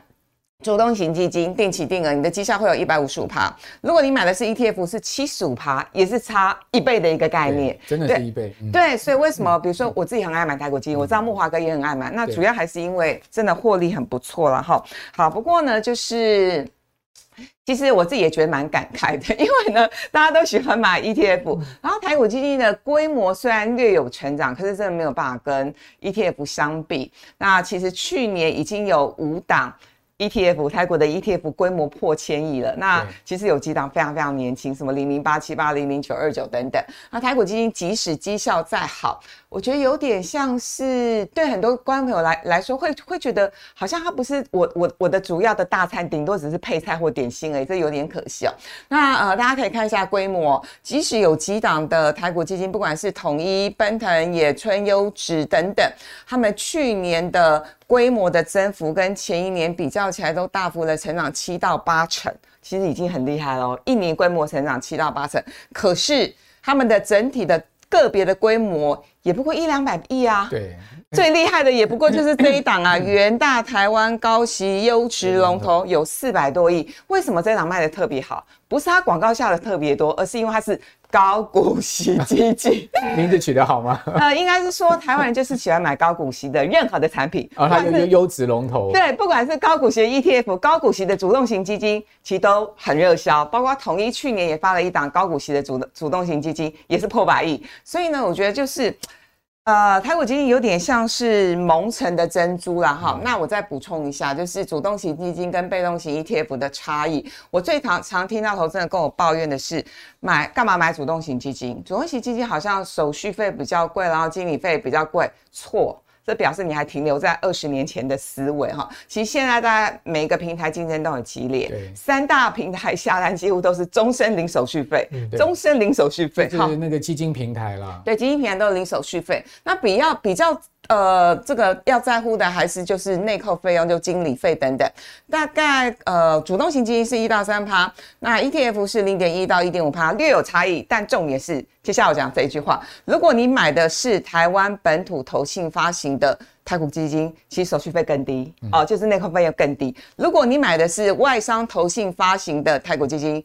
主動型基金定期定額，你的績效會有一百五十五趴。如果你買的是 ETF，是七十五趴，也是差一倍的一個概念，真的是一倍。對，嗯、對所以為什麼、嗯？比如說我自己很愛買台股基金，嗯、我知道慕驊哥也很愛買、嗯。那主要還是因為真的獲利很不錯啦。吼。好，不過呢，就是其實我自己也覺得蠻感慨的，因為呢，大家都喜歡買 ETF，然後台股基金的規模雖然略有成長，可是真的沒有辦法跟 ETF 相比。那其實去年已經有五檔。E T F，台股的 E T F 規模破千億了。那其實有幾檔非常非常年輕，什麼零零八七八、零零九二九等等。那台股基金即使績效再好，我覺得有點像是對很多觀眾朋友來來說會，會會覺得好像它不是我我我的主要的大餐，頂多只是配菜或點心而已欸，這有點可笑。那呃，大家可以看一下規模，即使有幾檔的台股基金，不管是統一、奔騰、野村、優質等等，他們去年的規模的增幅跟前一年比較。起來都大幅的成長七到八成，其實已經很厲害了哦。一年規模成長七到八成，可是他們的整體的個別的規模也不過一兩百億啊。對。最厲害的也不過就是這一檔啊， 元大台灣高息優質龍頭有四百多億。為什麼這檔賣的特別好？不是它廣告下的特別多，而是因為它是高股息基金。名 字取得好嗎？ 呃，應該是說台灣人就是喜歡買高股息的任何的產品。啊、哦，它有優質龍頭。對，不管是高股息的 ETF、高股息的主動型基金，其實都很熱銷。包括統一去年也發了一檔高股息的主主動型基金，也是破百億。所以呢，我覺得就是。呃，台股基金有點像是蒙塵的珍珠了哈、嗯。那我再補充一下，就是主動型基金跟被動型 ETF 的差異。我最常常聽到投資人跟我抱怨的是，買幹嘛買主動型基金？主動型基金好像手續費比較貴，然後經理費比較貴。錯。這表示你還停留在二十年前的思維哈，其實現在大家每一個平台競爭都很激烈，對，三大平台下單幾乎都是終身零手續費，嗯、終身零手續費，就是那個基金平台啦，對，基金平台都是零手續費，那比較比較。呃，這個要在乎的還是就是內扣費用，就經理費等等。大概呃，主動型基金是一到三趴，那 ETF 是零點一到一點五趴，略有差異。但重點是，接下來我講這一句話：如果你買的是台灣本土投信發行的台股基金，其實手續費更低哦、嗯呃，就是內扣費用更低。如果你買的是外商投信發行的台股基金，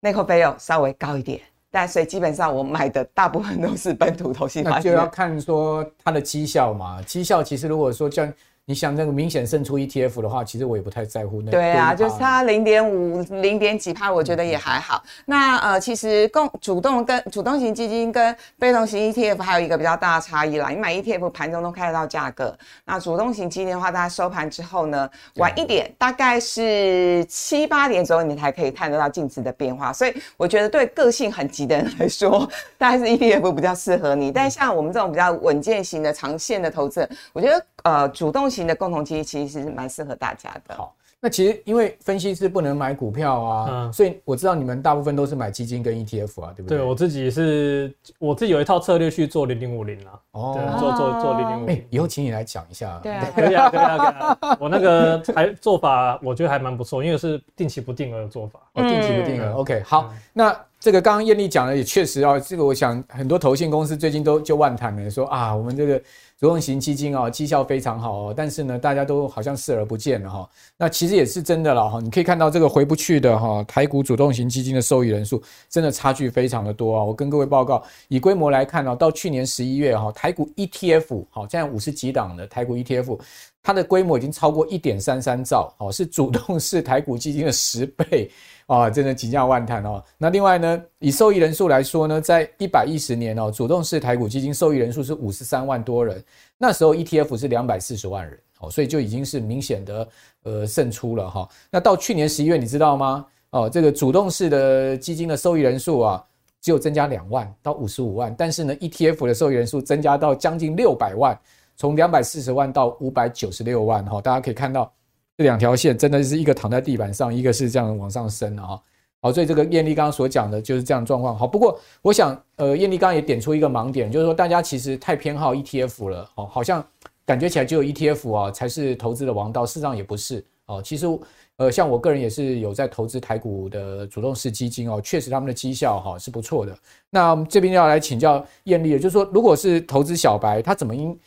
內扣費用稍微高一點。但所以基本上我買的大部分都是本土投信，那就要看說它的績效嘛。績效其實如果說將。你想那個明顯勝出 ETF 的話，其實我也不太在乎那個。對啊，就是差零點五、零點幾趴，我覺得也還好。嗯、那呃，其實共，主動跟主動型基金跟被動型 ETF 還有一個比較大的差異啦。你買 ETF 盤中都看得到價格，那主動型基金的話，大家收盤之後呢，晚一點，嗯、大概是七八點左右，你才可以看得到淨值的變化。所以我覺得對個性很急的人來說，大概是 ETF 比較適合你、嗯。但像我們這種比較穩健型的長線的投資人，我覺得呃，主動。型的共同基金其實是蠻適合大家的。好，那其實因為分析師不能買股票啊、嗯，所以我知道你們大部分都是買基金跟 ETF 啊，對不對？對，我自己是，我自己有一套策略去做零零五零啊，哦對，做做做零零五零，以、哦、後、欸、請你來講一下，對，可以啊，可以啊，可以啊，啊 我那個還做法，我覺得還蠻不錯，因為是定期不定額的做法、嗯哦，定期不定額、嗯、OK，好、嗯，那這個剛剛燕俐講的也確實啊，這個我想很多投信公司最近都就萬談了，說啊，我們這個。主動型基金哦，績效非常好哦，但是呢，大家都好像視而不見了哈、哦。那其實也是真的了哈。你可以看到這個回不去的哈、哦，台股主動型基金的受益人數真的差距非常的多啊、哦。我跟各位報告，以規模來看哦，到去年十一月哈、哦，台股 ETF 好、哦，現在五十幾檔的台股 ETF，它的規模已經超過一點三三兆哦，是主動式台股基金的十倍啊、哦，真的幾近萬台哦。那另外呢，以受益人數來說呢，在一百一十年哦，主動式台股基金受益人數是五十三萬多人。那時候 ETF 是兩百四十萬人，所以就已經是明顯的呃勝出了哈。那到去年十一月，你知道嗎？哦，這個主動式的基金的受益人數啊，只有增加兩萬到五十五萬，但是呢，ETF 的受益人數增加到將近六百萬，從兩百四十萬到五百九十六萬哈。大家可以看到這兩條線真的是一個躺在地板上，一個是這樣往上升好，所以這個燕俐剛剛所講的就是這樣的狀況。好，不過我想，呃，燕俐剛剛也點出一個盲點，就是說大家其實太偏好 ETF 了，哦，好像感覺起來只有 ETF 啊才是投資的王道，事實上也不是。哦，其實，呃，像我個人也是有在投資台股的主動式基金哦，確實他們的績效哈是不錯的。那這邊要來請教燕俐，就是說，如果是投資小白，他怎麼應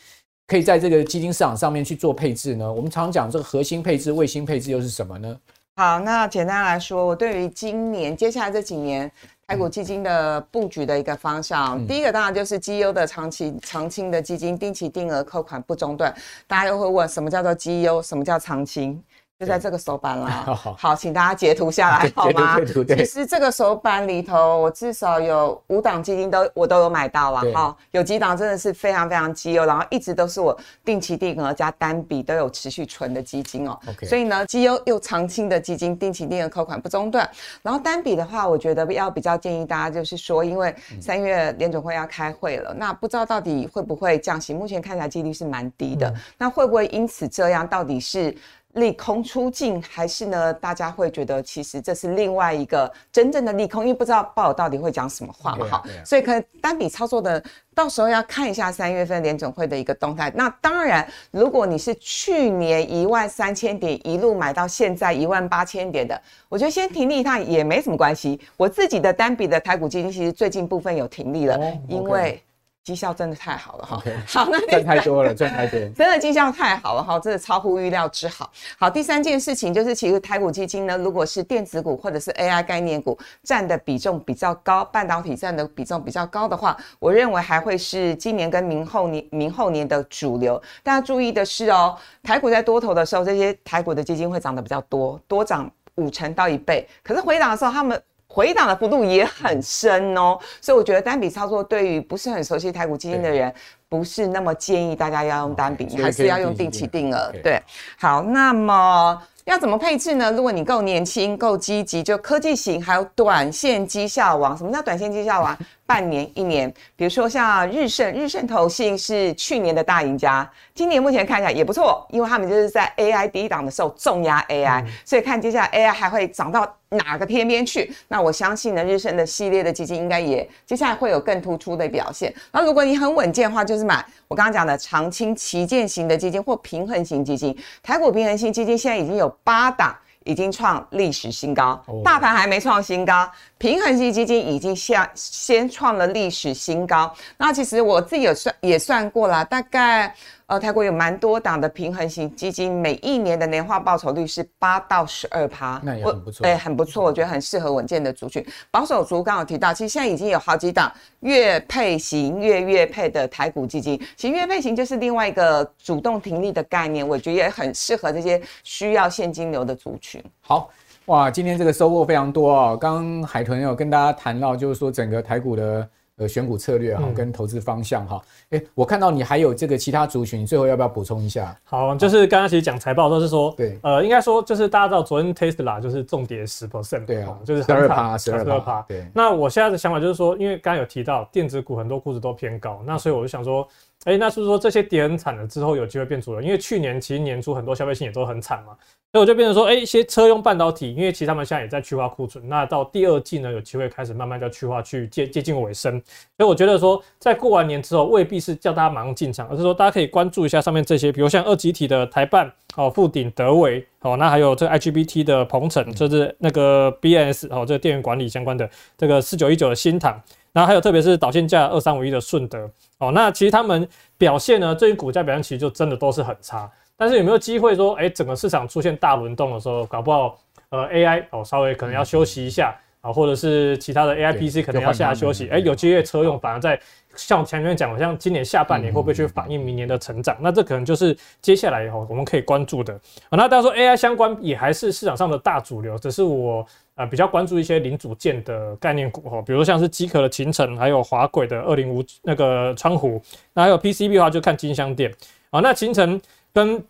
可以在這個基金市場上面去做配置呢？我們常講這個核心配置、衛星配置又是什麼呢？好，那簡單來說，我對於今年接下來這幾年台股基金的布局的一個方向，嗯、第一個當然就是基 u 的長期長期的基金，定期定額扣款不中斷。大家又會問，什麼叫做基 u？什麼叫長期？就在這個手板啦，好好，好，請大家截圖下來好嗎？截圖？其實這個手板裡頭，我至少有五檔基金都我都有買到啦、喔，有幾檔真的是非常非常績優，然後一直都是我定期定額加單筆都有持續存的基金哦、喔。Okay. 所以呢，績優又長青的基金，定期定額扣款不中斷，然後單筆的話，我覺得要比較建議大家就是說，因為三月聯準會要開會了、嗯，那不知道到底會不會降息，目前看起來幾率是蠻低的、嗯，那會不會因此這樣，到底是？利空出盡，還是呢？大家會覺得其實這是另外一個真正的利空，因為不知道鮑爾到底會講什麼話嘛，好，yeah, yeah. 所以可能單筆操作的，到時候要看一下三月份聯準會的一個動態。那當然，如果你是去年一萬三千點一路買到現在一萬八千點的，我覺得先停利一下也沒什麼關係。我自己的單筆的台股基金其實最近部分有停利了，oh, okay. 因為。績效真的太好了哈，okay, 好，賺太多了，賺太多了，真的績效太好了哈，真的超乎預料之好。好，第三件事情就是，其實台股基金呢，如果是電子股或者是 AI 概念股佔的比重比較高，半導體佔的比重比較高的話，我認為還會是今年跟明後年、明後年的主流。大家注意的是哦，台股在多頭的時候，這些台股的基金會漲得比較多，多漲五成到一倍。可是回檔的時候，他們回檔的幅度也很深哦，所以我覺得單筆操作對於不是很熟悉台股基金的人，不是那麼建議大家要用單筆，還是要用定期定額。對，對。好，那麼要怎麼配置呢？如果你夠年輕、夠積極，就科技型還有短線績效王。什麼叫短線績效王？ 半年、一年，比如說像日盛，日盛投信是去年的大贏家，今年目前看起來也不錯，因為他們就是在 A I 第一檔的時候重壓 A I，、嗯、所以看接下來 A I 還會漲到哪個偏邊去？那我相信呢，日盛的系列的基金應該也接下來會有更突出的表現。那如果你很穩健的話，就是買我剛剛講的長青旗艦型的基金或平衡型基金，台股平衡型基金現在已經有八檔。已經創歷史新高，大盤還沒創新高，oh. 平衡型基金已經先先創了歷史新高，那其實我自己也算也算過啦，大概。呃，台國有蠻多檔的平衡型基金，每一年的年化報酬率是八到十二趴，那也很不錯，欸，很不錯，我覺得很適合穩健的族群，保守族剛有提到，其實現在已經有好幾檔月配型、月月配的台股基金，其實月配型就是另外一個主動停利的概念，我覺得也很適合這些需要現金流的族群。好哇，今天這個收穫非常多啊，哦，剛剛海豚有跟大家談到，就是說整個台股的。呃，選股策略哈，跟投資方向哈、嗯欸，我看到你還有這個其他族群，最後要不要補充一下？好，就是剛剛其實講財報都是說，對，呃，應該說就是大家知道昨天 Tesla 啦、哦，就是重跌十 percent，對啊，就是十二趴，十二趴。對，那我現在的想法就是說，因為剛剛有提到電子股很多估值都偏高，那所以我就想說。嗯哎、欸，那是不是說這些跌很慘了之後有機會變主流，因為去年其實年初很多消費性也都很慘嘛，所以我就變成說，哎、欸，一些車用半導體，因為其實他們現在也在去化庫存，那到第二季呢，有機會開始慢慢叫去化去接接近尾聲，所以我覺得說，在過完年之後未必是叫大家馬上進場，而是說大家可以關注一下上面這些，比如像二極體的台半哦、富鼎德微哦，那還有這個 IGBT 的鵬城，甚、嗯、至、就是、那個 BMS 哦，這、就、個、是、電源管理相關的這個四九一九的新唐。那還有，特別是導線架二三五一的順德哦，那其實他們表現呢，最近股價表現其實就真的都是很差。但是有沒有機會說，哎，整個市場出現大輪動的時候，搞不好呃 AI 哦稍微可能要休息一下啊、嗯嗯嗯，或者是其他的 AIPC 可能要下來休息，哎，有機會車用反而在像我前面講，像今年下半年會不會去反映明年的成長嗯嗯嗯嗯？那這可能就是接下來以後我們可以關注的、哦、那當然說 AI 相關也還是市場上的大主流，只是我。啊、呃，比較關注一些零組件的概念股、哦、比如像是機殼的勤誠，還有滑軌的二零五那個川湖，那還有 PCB 的話就看金像電。啊、哦，那勤誠跟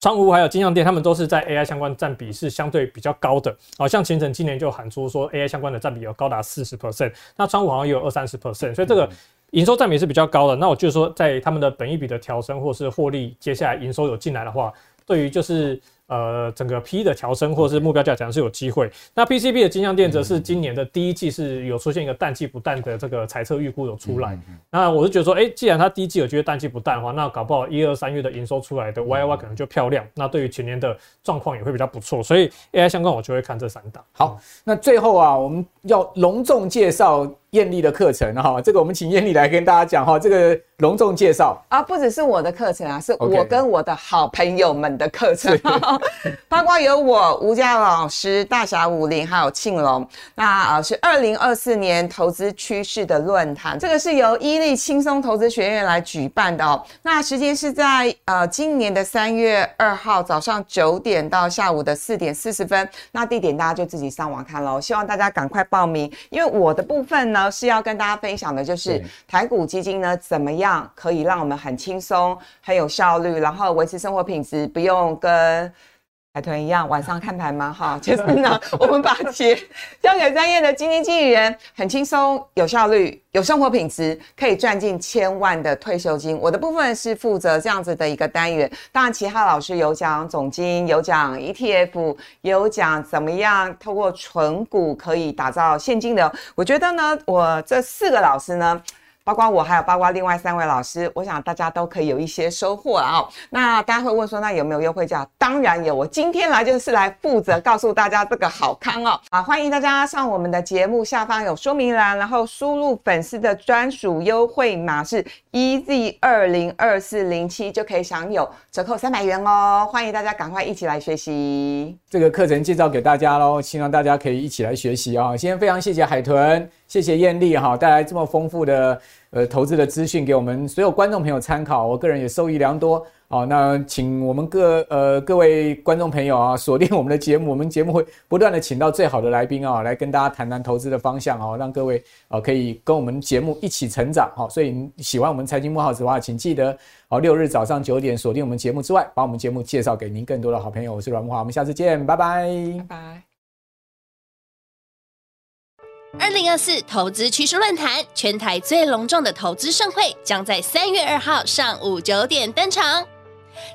川湖還有金像電，他們都是在 AI 相關占比是相對比較高的。好、哦、像勤誠今年就喊出說 AI 相關的占比有高達四十 percent，那川湖好像也有二三十 percent，所以這個營收占比是比較高的。嗯、那我就是說，在他們的本益比的調升或是獲利，接下來營收有進來的話，對於就是。呃，整個 P 的調升或者是目標價講是有機會。Okay. 那 PCB 的金像電則是今年的第一季是有出現一個淡季不淡的這個財測預估有出來。Mm -hmm. 那我就覺得說，誒、欸、既然它第一季有機會淡季不淡的話，那搞不好一二三月的營收出來的 Y Y 可能就漂亮。Mm -hmm. 那對於全年的狀況也會比較不錯。所以 AI 相關我就會看這三檔。好，那最後啊，我們要隆重介紹。燕俐的課程哈，這個我們請燕俐來跟大家講哈，這個隆重介紹啊，不只是我的課程啊，是我跟我的好朋友們的課程，okay. 包括有我吳嘉隆老師、大俠武林還有慶龍，那啊是二零二四年投資趨勢的論壇，這個是由 EZ 輕鬆投資學院來舉辦的哦，那時間是在呃今年的三月二號早上九點到下午的四點四十分，那地點大家就自己上網看了，希望大家趕快報名，因為我的部分呢。是要跟大家分享的，就是台股基金呢，怎麼樣可以讓我們很輕鬆、很有效率，然後維持生活品質，不用跟。海豚一樣晚上看盤嗎？哈，就是呢。我們把錢交給專業的基金經理人，很輕鬆、有效率、有生活品質，可以賺進千萬的退休金。我的部分是負責這樣子的一個單元。當然，其他老師有講總經，有講 ETF，有講怎麼樣透過存股可以打造現金流。我覺得呢，我這四個老師呢。包括我，還有包括另外三位老師，我想大家都可以有一些收穫啊、哦。那大家會問說，那有沒有優惠價？當然有，我今天來就是來負責告訴大家這個好康哦。啊，歡迎大家上我們的節目，下方有說明欄，然後輸入粉絲的專屬優惠碼是 E Z 二零二四零七，就可以享有折扣三百元哦。歡迎大家趕快一起來學習這個課程介紹給大家嘍，希望大家可以一起來學習啊、哦。先非常謝謝海豚。謝謝燕俐哈，帶來這麼豐富的呃投資的資訊給我們所有觀眾朋友參考，我個人也受益良多。好，那請我們各呃各位觀眾朋友啊，鎖定我們的節目，我們節目會不斷的請到最好的來賓啊，來跟大家談談投資的方向啊，讓各位啊可以跟我們節目一起成長。好，所以喜歡我們財經慕 House 的話，請記得六日早上九點鎖定我們節目之外，把我們節目介紹給您更多的好朋友。我是阮慕驊，我們下次見，拜拜，拜、拜。二零二四投資趨勢論壇，全台最隆重的投資盛會，將在三月二號上午九點登場。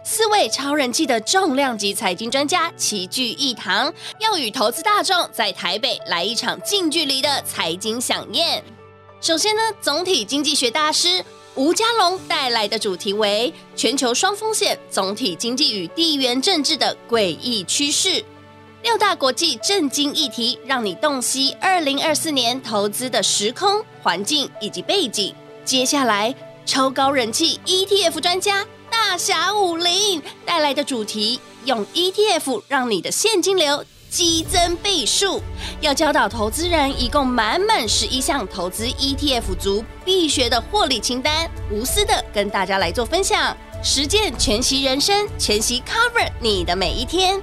四位超人氣的重量級財經專家齊聚一堂，要與投資大眾在台北來一場近距離的財經饗宴。首先呢，總體經濟學大師吳嘉隆帶來的主題為“全球雙風險：總體經濟與地緣政治的詭異趨勢”。六大國際震驚議題，讓你洞悉二零二四年投資的時空環境以及背景。接下來，超高人氣 ETF 專家大俠武林帶來的主題：用 ETF 讓你的現金流激增倍數。要教導投資人，一共滿滿十一項投資 ETF 族必學的獲利清單，無私的跟大家來做分享，實踐全息人生，全息 cover 你的每一天。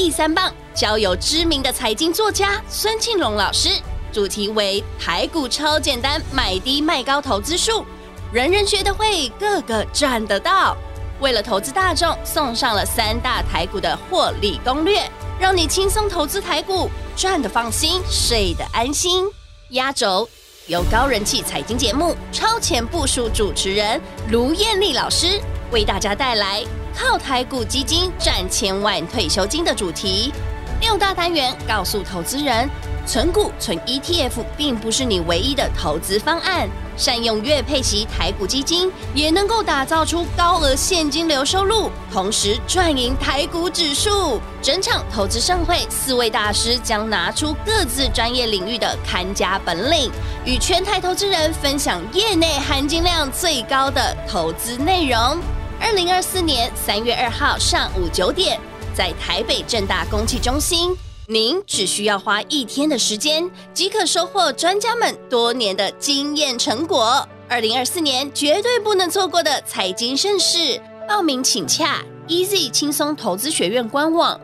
第三棒交由知名的財經作家孫慶龍老師主題為“台股超簡單買低賣高投資術”，人人學得會，個個賺得到。為了投資大眾，送上了三大台股的獲利攻略，讓你輕鬆投資台股，賺得放心，睡得安心。壓軸由高人氣財經節目《超前部署》主持人盧燕俐老師為大家帶來。靠台股基金賺千萬退休金的主題，六大單元告訴投資人，存股、存 ETF 並不是你唯一的投資方案。善用月配息台股基金，也能夠打造出高額現金流收入，同時賺贏台股指數。整場投資盛會，四位大師將拿出各自專業領域的看家本領，與全台投資人分享業內含金量最高的投資內容。二零二四年三月二號上午九點，在台北政大公企中心，您只需要花一天的時間，即可收穫專家們多年的經驗成果。二零二四年絕對不能錯過的財經盛事，報名請洽 EZ 輕鬆投資學院官網。